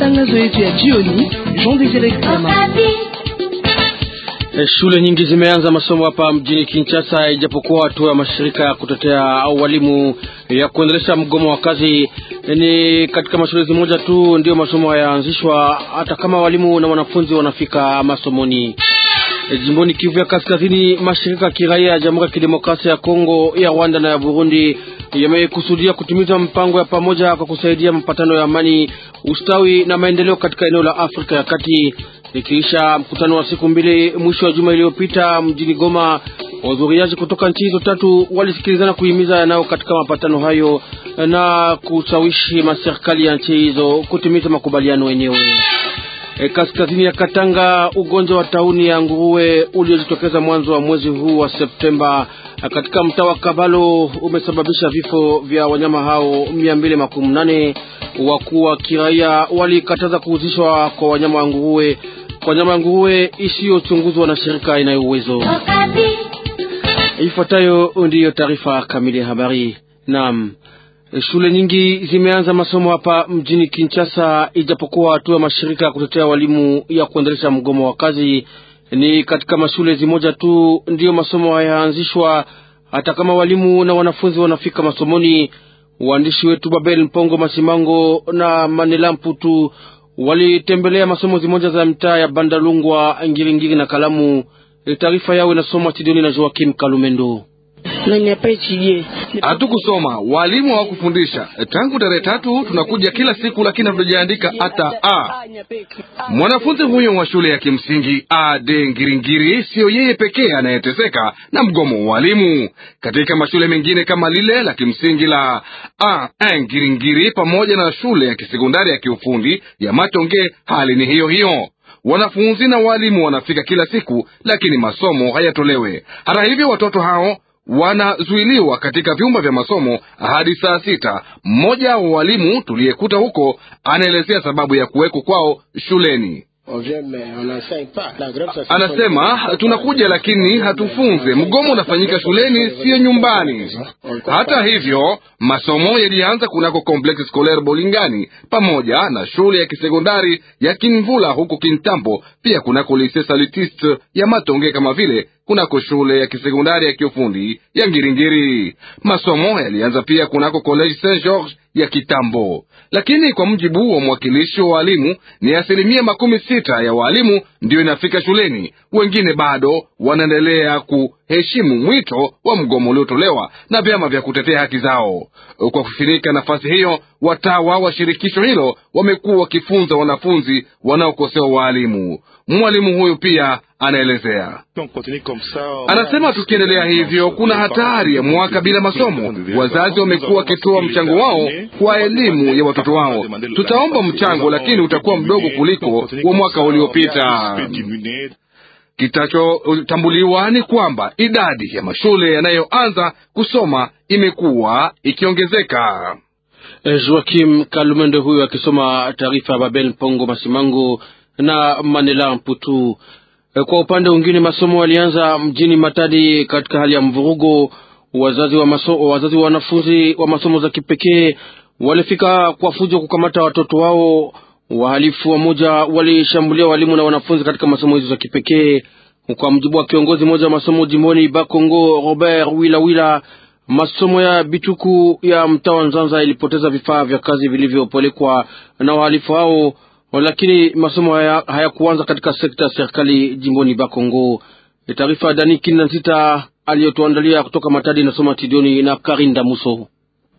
matangazo yetu ya jioni. Jean Desire Kama. Shule nyingi zimeanza masomo hapa mjini Kinshasa, ijapokuwa hatua ya mashirika ya kutetea au walimu ya kuendelesha mgomo wa kazi eh, ni katika mashule moja tu ndiyo masomo hayaanzishwa, hata kama walimu na wanafunzi wanafika masomoni. Eh, jimboni Kivu ya Kaskazini, mashirika ya kiraia ya Jamhuri ya Kidemokrasia ya Kongo, ya Rwanda na ya Burundi yamekusudia kutimiza mpango ya pamoja kwa kusaidia mapatano ya amani, ustawi na maendeleo katika eneo la Afrika ya Kati, ikiisha mkutano wa siku mbili mwisho wa juma iliyopita mjini Goma. Wahudhuriaji kutoka nchi hizo tatu walisikilizana kuhimiza yanao katika mapatano hayo na kushawishi maserikali ya nchi hizo kutimiza makubaliano yenyewe. E, kaskazini ya Katanga ugonjwa wa tauni ya nguruwe uliojitokeza mwanzo wa mwezi huu wa Septemba eh, katika mtaa wa Kabalo umesababisha vifo vya wanyama hao mia mbili makumi nane. Wakuu wa kiraia walikataza kuuzishwa kwa wanyama wa nguruwe kwa nyama ya nguruwe isiyochunguzwa na shirika inayo uwezo. Ifuatayo ndiyo taarifa kamili ya habari. Naam. Shule nyingi zimeanza masomo hapa mjini Kinshasa, ijapokuwa hatua ya mashirika ya kutetea walimu ya kuendelesha mgomo wa kazi. Ni katika mashule zimoja tu ndiyo masomo hayaanzishwa, hata kama walimu na wanafunzi wanafika masomoni. Waandishi wetu Babel Mpongo Masimango na Manela Mputu walitembelea masomo zimoja za mitaa ya Bandalungwa, Ngiringiri na Kalamu. Taarifa yao inasomwa Tidoni na Joakim Kalumendo. Hatukusoma, walimu hawakufundisha. Eh, tangu tarehe tatu tunakuja kila siku, lakini hatujaandika hata a. Mwanafunzi huyo wa shule ya kimsingi Ade Ngiringiri siyo yeye pekee anayeteseka na mgomo wa walimu. Katika mashule mengine kama lile la kimsingi la A e. Ngiringiri pamoja na shule ya kisekondari ya kiufundi ya Matonge, hali ni hiyo hiyo. Wanafunzi na walimu wanafika kila siku, lakini masomo hayatolewe. Hata hivyo watoto hao wanazuiliwa katika vyumba vya masomo hadi saa sita. Mmoja wa walimu tuliyekuta huko anaelezea sababu ya kuweko kwao shuleni. Anasema tunakuja lakini hatufunze. Mgomo unafanyika shuleni, siyo nyumbani. Hata hivyo, masomo yalianza kunako Complex Scolaire Bolingani pamoja na shule ya kisekondari ya Kinvula huko Kintambo, pia kunako Lycee ya Matonge kama vile kunako shule ya kisekondari ya kiufundi ya Ngiringiri. Masomo yalianza pia kunako College Saint George ya kitambo, lakini kwa mjibu wa mwakilishi wa walimu ni asilimia makumi sita ya walimu ndiyo inafika shuleni, wengine bado wanaendelea ku heshimu mwito wa mgomo uliotolewa na vyama vya kutetea haki zao. Kwa kufinika nafasi hiyo, watawa wa shirikisho hilo wamekuwa wakifunza wanafunzi wanaokosewa waalimu. Mwalimu huyu pia anaelezea anasema, tukiendelea hivyo kuna hatari ya mwaka bila masomo. Wazazi wamekuwa wakitoa mchango wao kwa elimu ya watoto wao. Tutaomba mchango, lakini utakuwa mdogo kuliko wa mwaka uliopita. Kitachotambuliwa ni kwamba idadi ya mashule yanayoanza kusoma imekuwa ikiongezeka. Eh, Joakim Kalumende huyo akisoma taarifa ya Babel Mpongo Masimango na Manela Mputu. Eh, kwa upande mwingine, masomo yalianza mjini Matadi katika hali ya mvurugo. Wazazi wa maso, wazazi wa wanafunzi wa masomo za kipekee walifika kwa fujo kukamata watoto wao Wahalifu wamoja walishambulia walimu na wanafunzi katika masomo hizo za kipekee. Kwa mjibu wa kiongozi mmoja wa masomo jimboni Bakongo, Robert Wilawila Wila, masomo ya Bituku ya mtawa Nzanza ilipoteza vifaa vya kazi vilivyopelekwa na wahalifu hao, lakini masomo hayakuanza haya katika sekta ya serikali jimboni Bakongo. Taarifa ya Dani Sita aliyotuandalia kutoka Matadi na soma Tidioni na Karinda Muso.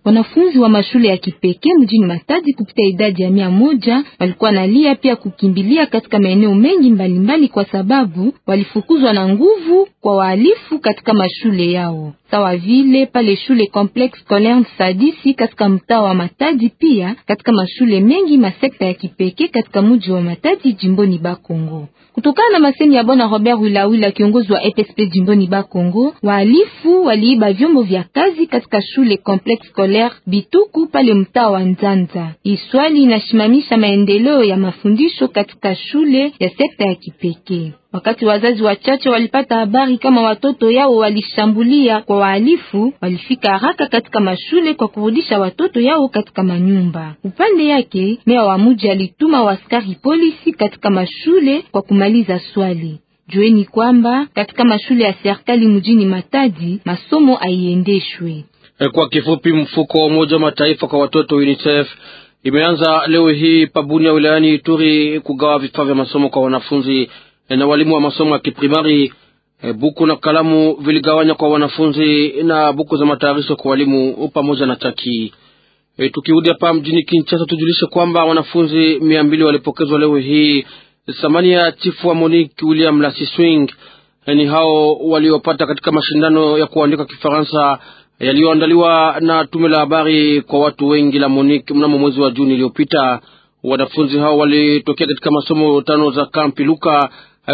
Wanafunzi wa mashule ya kipekee mjini Matadi kupita idadi ya mia moja walikuwa nalia pia kukimbilia katika maeneo mengi mbalimbali kwa sababu walifukuzwa na nguvu kwa wahalifu katika mashule yao, sawa vile pale shule Complex Scolaire Sadisi katika mtaa wa Matadi, pia katika mashule mengi masekta ya kipekee katika mji wa Matadi jimboni Bakongo. Kutokana na masemi ya bwana Robert Wilawila, kiongozi wa EPSP jimboni Bakongo, wahalifu waliiba vyombo vya kazi katika shule Complex Scolaire Scolaire Bituku pale mtaa wa Nzanza. Iswali inasimamisha maendeleo ya mafundisho katika shule ya sekta ya kipekee. Wakati wazazi wachache walipata habari kama watoto yao walishambulia kwa wahalifu, walifika haraka katika mashule kwa kurudisha watoto yao katika manyumba. Upande yake, meya wa muji alituma waskari polisi katika mashule kwa kumaliza swali. Jueni kwamba katika mashule ya serikali mjini Matadi masomo aiendeshwe. Eh, kwa kifupi, mfuko wa Umoja wa Mataifa kwa watoto UNICEF imeanza leo hii Pabunia wilayani Ituri kugawa vifaa vya masomo kwa wanafunzi eh, na walimu wa masomo ya kiprimari. Eh, buku na kalamu viligawanya kwa wanafunzi na buku za matayarisho kwa walimu pamoja na chaki. E, tukirudi hapa mjini Kinshasa tujulishe kwamba wanafunzi mia mbili walipokezwa leo hii thamani ya chifu wa Monique William Lasiswing. E, ni hao waliopata katika mashindano ya kuandika Kifaransa yaliyoandaliwa na tume la habari kwa watu wengi la Monique mnamo mwezi wa Juni iliyopita. Wanafunzi hao walitokea katika masomo tano za kampi Luka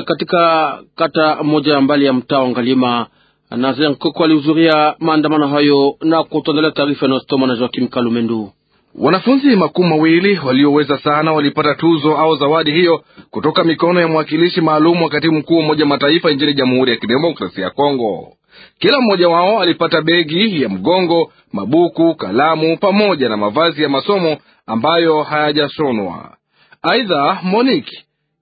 katika kata moja mbali ya mtaa Ngalima. Nazer Nkoko alihudhuria maandamano hayo na kutandalia taarifa inayosoma na Joakim Kalumendu. Wanafunzi makumi mawili walioweza sana walipata tuzo au zawadi hiyo kutoka mikono ya mwakilishi maalum wa katibu mkuu wa Umoja Mataifa nchini Jamhuri ya Kidemokrasia ya Kongo. Kila mmoja wao alipata begi ya mgongo, mabuku, kalamu pamoja na mavazi ya masomo ambayo hayajashonwa. Aidha, Monik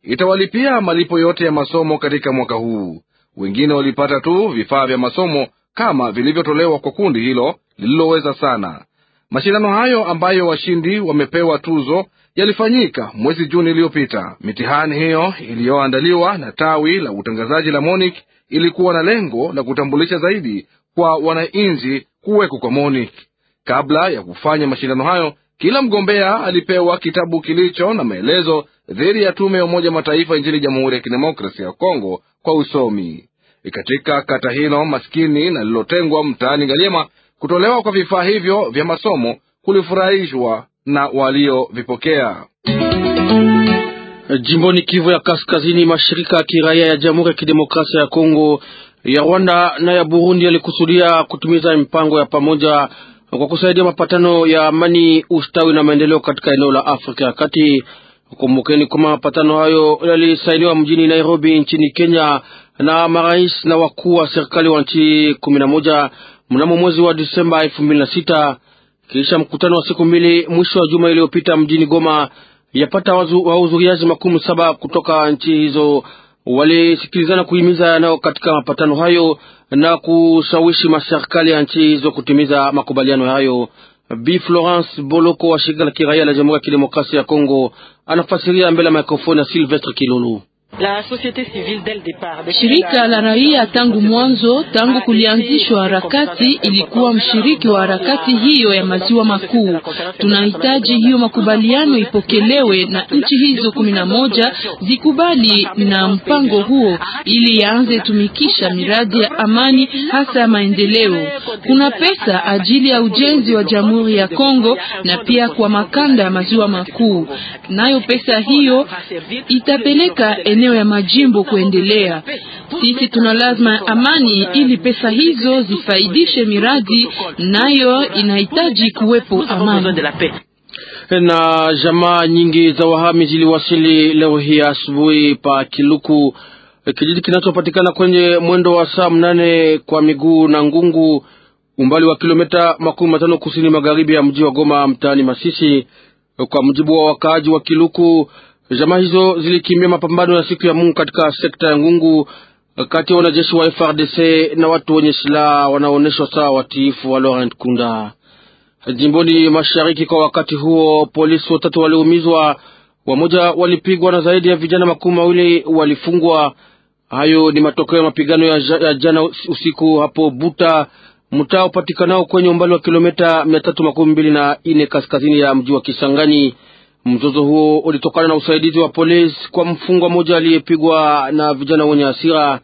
itawalipia malipo yote ya masomo katika mwaka huu. Wengine walipata tu vifaa vya masomo kama vilivyotolewa kwa kundi hilo lililoweza sana. Mashindano hayo ambayo washindi wamepewa tuzo yalifanyika mwezi Juni iliyopita. Mitihani hiyo iliyoandaliwa na tawi la utangazaji la Monique ilikuwa na lengo la kutambulisha zaidi kwa wananchi kuwekwa kwa MONUC. Kabla ya kufanya mashindano hayo, kila mgombea alipewa kitabu kilicho na maelezo dhidi ya tume ya Umoja Mataifa nchini Jamhuri ya Kidemokrasia ya Kongo kwa usomi. Katika kata hilo maskini na lilotengwa mtaani Galiema, kutolewa kwa vifaa hivyo vya masomo kulifurahishwa na waliovipokea. Jimboni Kivu ya Kaskazini, mashirika ya kiraia ya Jamhuri ya Kidemokrasia ya Kongo, ya Rwanda na ya Burundi yalikusudia kutimiza mipango ya pamoja kwa kusaidia mapatano ya amani, ustawi na maendeleo katika eneo la Afrika ya Kati. Kumbukeni kwamba mapatano hayo yalisainiwa mjini Nairobi nchini Kenya na marais na wakuu wa serikali wa nchi kumi na moja mnamo mwezi wa Disemba elfu mbili na sita kisha mkutano wa siku mbili mwisho wa juma iliyopita mjini Goma yapata wahudhuriaji makumi saba kutoka nchi hizo walisikilizana kuhimiza yanayo katika mapatano hayo na kushawishi maserikali ya nchi hizo kutimiza makubaliano hayo. Bi Florence Boloko wa shirika la kiraia la Jamhuri ya Kidemokrasia ya Kongo anafasiria mbele ya mikrofoni ya Silvestre Kilulu. La société civile le départ. Shirika la raia tangu mwanzo, tangu kulianzishwa harakati, ilikuwa mshiriki wa harakati hiyo ya maziwa makuu. Tunahitaji hiyo makubaliano ipokelewe na nchi hizo kumi na moja zikubali na mpango huo, ili yaanze tumikisha miradi ya amani, hasa ya maendeleo. Kuna pesa ajili ya ujenzi wa Jamhuri ya Kongo na pia kwa makanda ya maziwa makuu, nayo pesa hiyo itapeleka eneo maeneo ya majimbo kuendelea. Sisi tuna lazima ya amani ili pesa hizo zifaidishe miradi, nayo inahitaji kuwepo amani na jamaa nyingi za wahami ziliwasili leo hii asubuhi pa Kiluku, kijiji kinachopatikana kwenye mwendo wa saa mnane kwa miguu na Ngungu, umbali wa kilomita makumi matano kusini magharibi ya mji wa Goma, mtaani Masisi. Kwa mujibu wa wakaaji wa Kiluku, Jamaa hizo zilikimbia mapambano ya siku ya Mungu katika sekta ya Ngungu kati ya wanajeshi wa FRDC na watu wenye silaha wanaoonyeshwa sawa watiifu wa Laurent Kunda jimboni mashariki. Kwa wakati huo, polisi watatu waliumizwa, wamoja walipigwa na zaidi ya vijana makumi mawili walifungwa. Hayo ni matokeo ya mapigano ya jana usiku hapo Buta, mtaa upatikanao kwenye umbali wa kilomita mia tatu makumi mbili na nne kaskazini ya mji wa Kisangani. Mzozo huo ulitokana na usaidizi wa polisi kwa mfungwa mmoja aliyepigwa na vijana wenye hasira.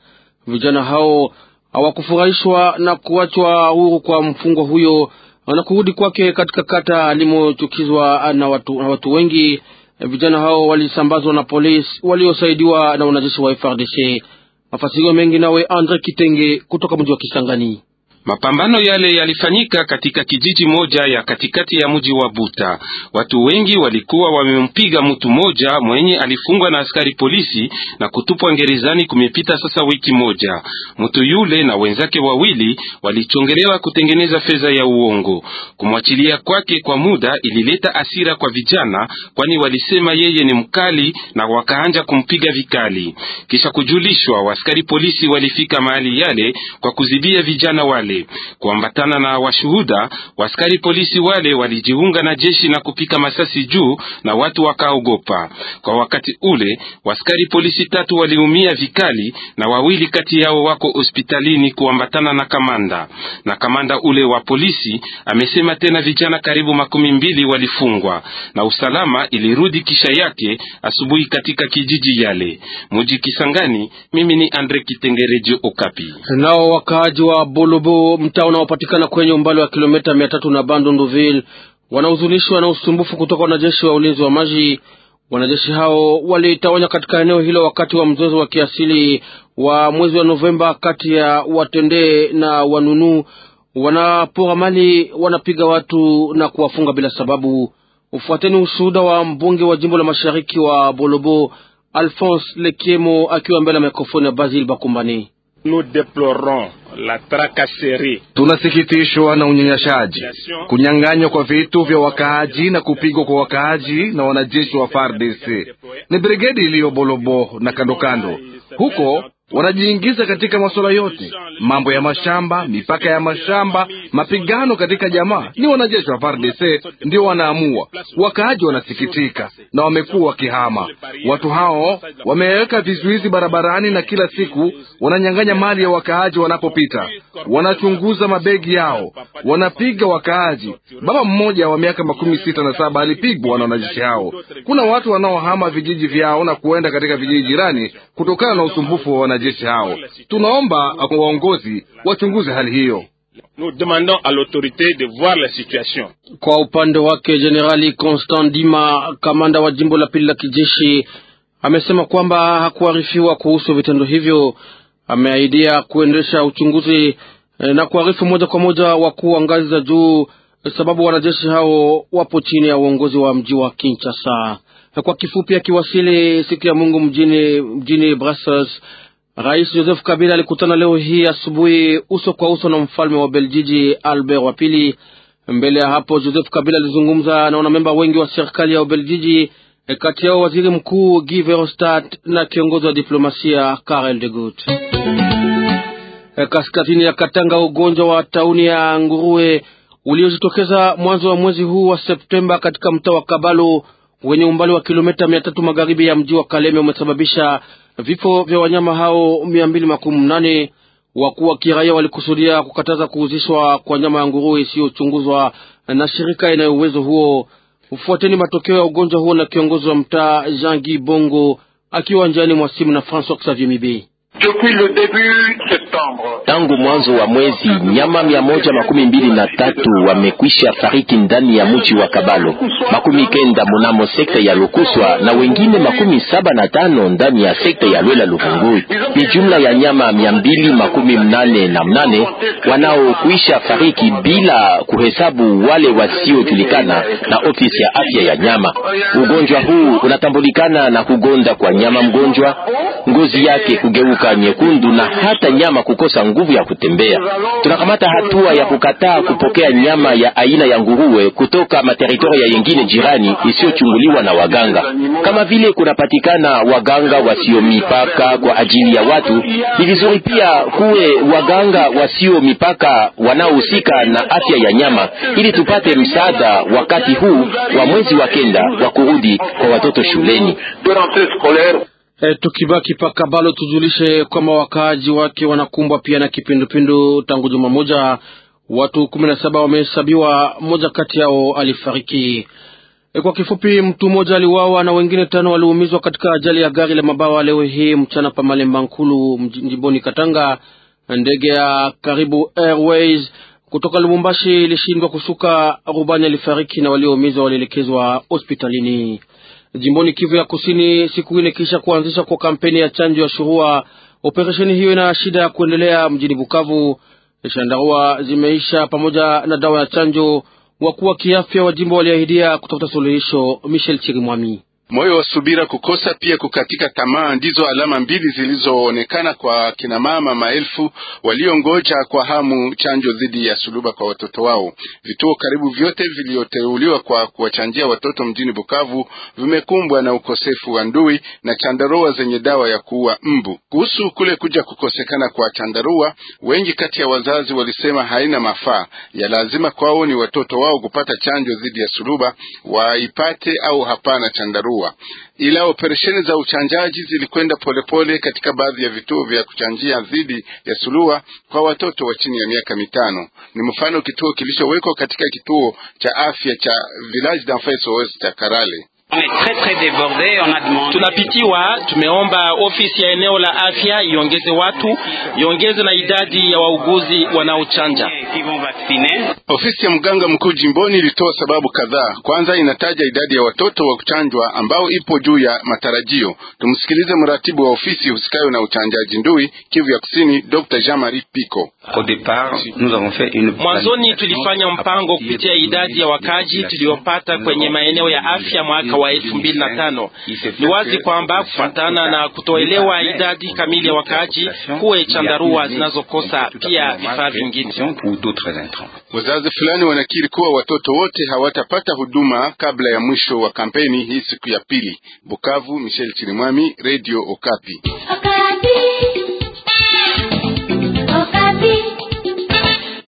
Vijana hao hawakufurahishwa na kuachwa huru kwa mfungwa huyo na kurudi kwake katika kata alimochukizwa na watu, na watu wengi. Vijana hao walisambazwa na polisi waliosaidiwa na wanajeshi wa FRDC. Mafasirio mengi nawe Andre Kitenge kutoka mji wa Kisangani. Mapambano yale yalifanyika katika kijiji moja ya katikati ya mji wa Buta. Watu wengi walikuwa wamempiga mtu moja mwenye alifungwa na askari polisi na kutupwa ngerezani Kumepita sasa wiki moja, mtu yule na wenzake wawili walichongelewa kutengeneza fedha ya uongo. Kumwachilia kwake kwa muda ilileta asira kwa vijana, kwani walisema yeye ni mkali na wakaanja kumpiga vikali. Kisha kujulishwa, askari polisi walifika mahali yale kwa kuzibia vijana wale wale. Kuambatana na washuhuda, waskari polisi wale walijiunga na jeshi na kupika masasi juu na watu wakaogopa. Kwa wakati ule waskari polisi tatu waliumia vikali na wawili kati yao wako hospitalini kuambatana na kamanda. Na kamanda ule wa polisi amesema tena vijana karibu makumi mbili walifungwa na usalama ilirudi kisha yake asubuhi katika kijiji yale muji Kisangani. Mimi ni Andre Kitengereji Okapi. Nao wakaaji wa Bolobo mtaa unaopatikana kwenye umbali wa kilomita mia tatu na Bandunduville, wanahuzunishwa na usumbufu kutoka wanajeshi wa ulinzi wa maji. Wanajeshi hao walitawanya katika eneo hilo wakati wa mzozo wa kiasili wa mwezi wa Novemba kati ya Watendee na Wanunu. Wanapora mali, wanapiga watu na kuwafunga bila sababu. Ufuateni ushuhuda wa mbunge wa jimbo la mashariki wa Bolobo, Alphonse Lekiemo, akiwa mbele ya mikrofoni ya Basil Bakumbani. Tunasikitishwa na unyanyashaji, kunyang'anywa kwa vitu vya wakaaji na kupigwa kwa wakaaji na wanajeshi wa FARDC. Ni brigedi iliyo Bolobo na kandokando huko wanajiingiza katika masuala yote, mambo ya mashamba, mipaka ya mashamba, mapigano katika jamaa. Ni wanajeshi wa FARDC ndio wanaamua. Wakaaji wanasikitika na wamekuwa wakihama. Watu hao wameweka vizuizi barabarani na kila siku wananyang'anya mali ya wakaaji wanapopita, wanachunguza mabegi yao, wanapiga wakaaji. Baba mmoja wa miaka makumi sita na saba alipigwa na wanajeshi hao. Kuna watu wanaohama vijiji vyao na kuenda katika vijiji jirani kutokana na usumbufu wa wanajeshi wanajeshi hao. Tunaomba kwa waongozi wachunguze hali hiyo. Nous demandons à l'autorité de voir la situation. Kwa upande wake Jenerali Constant Dima, kamanda wa jimbo la pili la kijeshi, amesema kwamba hakuarifiwa kuhusu vitendo hivyo. Ameahidia kuendesha uchunguzi eh, na kuarifu moja kwa moja wakuu wa ngazi za juu, eh, sababu wanajeshi hao wapo chini ya uongozi wa mji wa Kinshasa. Kwa kifupi, akiwasili siku ya Mungu mjini mjini Brussels Rais Joseph Kabila alikutana leo hii asubuhi uso kwa uso na mfalme wa Beljiji Albert wa pili. Mbele ya hapo, Joseph Kabila alizungumza na wanamemba wengi wa serikali ya Ubeljiji, eh, kati yao waziri mkuu Guy Verhofstadt na kiongozi wa diplomasia Karel de Gucht. Eh, kaskazini ya Katanga, ugonjwa wa tauni ya nguruwe uliojitokeza mwanzo wa mwezi huu wa Septemba katika mtaa wa Kabalo wenye umbali wa kilomita mia tatu magharibi ya mji wa Kaleme umesababisha vifo vya wanyama hao mia mbili makumi mnane wakuu wa kiraia walikusudia kukataza kuuzishwa kwa nyama ya nguruwe isiyochunguzwa na shirika inayo uwezo huo. ufuateni matokeo ya ugonjwa huo na kiongozi wa mtaa Jean Guy Bongo akiwa njiani mwa simu na François Xavier Mibe. Tangu mwanzo wa mwezi nyama mia moja makumi mbili na tatu wamekwisha fariki ndani ya mji wa Kabalo, makumi kenda munamo sekta ya Lukuswa na wengine makumi saba na tano ndani ya sekta ya Lwela Luvungui. Ni jumla ya nyama mia mbili makumi mnane na mnane wanaokwisha fariki bila kuhesabu wale wasiojulikana na ofisi ya afya ya nyama. Ugonjwa huu unatambulikana na kugonda kwa nyama mgonjwa, ngozi yake kugeuka kuwa nyekundu na hata nyama kukosa nguvu ya kutembea. Tunakamata hatua ya kukataa kupokea nyama ya aina ya nguruwe kutoka materitoria yengine jirani isiyochunguliwa na waganga. Kama vile kunapatikana waganga wasio mipaka kwa ajili ya watu, ni vizuri pia kuwe waganga wasio mipaka wanaohusika na afya ya nyama, ili tupate msaada wakati huu wa mwezi wa kenda wa kurudi kwa watoto shuleni. E, tukibaki paka balo tujulishe kwamba wakaaji wake wanakumbwa pia na kipindupindu tangu juma moja. Watu kumi na saba wamehesabiwa, moja kati yao alifariki. E, kwa kifupi, mtu mmoja aliuawa na wengine tano waliumizwa katika ajali ya gari la mabawa leo hii mchana pa Malemba Nkulu jimboni Katanga. Ndege ya Karibu Airways kutoka Lubumbashi ilishindwa kushuka, rubani alifariki na walioumizwa walielekezwa hospitalini jimboni Kivu ya Kusini, siku ine kisha kuanzishwa kwa kampeni ya chanjo ya shurua. Operesheni hiyo ina shida ya kuendelea mjini Bukavu. Shandarua zimeisha pamoja na dawa ya chanjo. Wakuu wa kiafya wa jimbo waliahidia kutafuta suluhisho. Michel Chirimwami Moyo wa subira, kukosa pia kukatika tamaa ndizo alama mbili zilizoonekana kwa kinamama maelfu waliongoja kwa hamu chanjo dhidi ya suluba kwa watoto wao. Vituo karibu vyote vilioteuliwa kwa kuwachanjia watoto mjini Bukavu vimekumbwa na ukosefu wa ndui na chandarua zenye dawa ya kuua mbu. Kuhusu kule kuja kukosekana kwa chandarua, wengi kati ya wazazi walisema haina mafaa ya lazima kwao ni watoto wao kupata chanjo dhidi ya suluba, waipate au hapana chandarua kuwa, ila operesheni za uchanjaji zilikwenda polepole katika baadhi ya vituo vya kuchanjia dhidi ya sulua kwa watoto wa chini ya miaka mitano. Ni mfano kituo kilichowekwa katika kituo cha afya cha Village d'Enfants SOS cha Karale. Tunapitiwa, tumeomba ofisi ya eneo la afya iongeze watu, iongeze na idadi ya wauguzi wanaochanja. Ofisi ya mganga mkuu jimboni ilitoa sababu kadhaa. Kwanza inataja idadi ya watoto wa kuchanjwa ambao ipo juu ya matarajio. Tumsikilize mratibu wa ofisi husikayo na uchanjaji ndui Kivu ya Kusini, Dr. Jean-Marie Pico. Mwanzoni tulifanya mpango kupitia idadi ya wakaji tuliyopata kwenye maeneo ya afya mwaka wa elfu mbili na tano. Ni wazi kwamba kufatana na kutoelewa idadi kamili ya wakaaji kuwe chandarua zinazokosa pia vifaa vingine. Wazazi fulani wanakiri kuwa watoto wote hawatapata huduma kabla ya mwisho wa kampeni hii siku ya pili. Bukavu, Michel Chirimwami, Radio Okapi.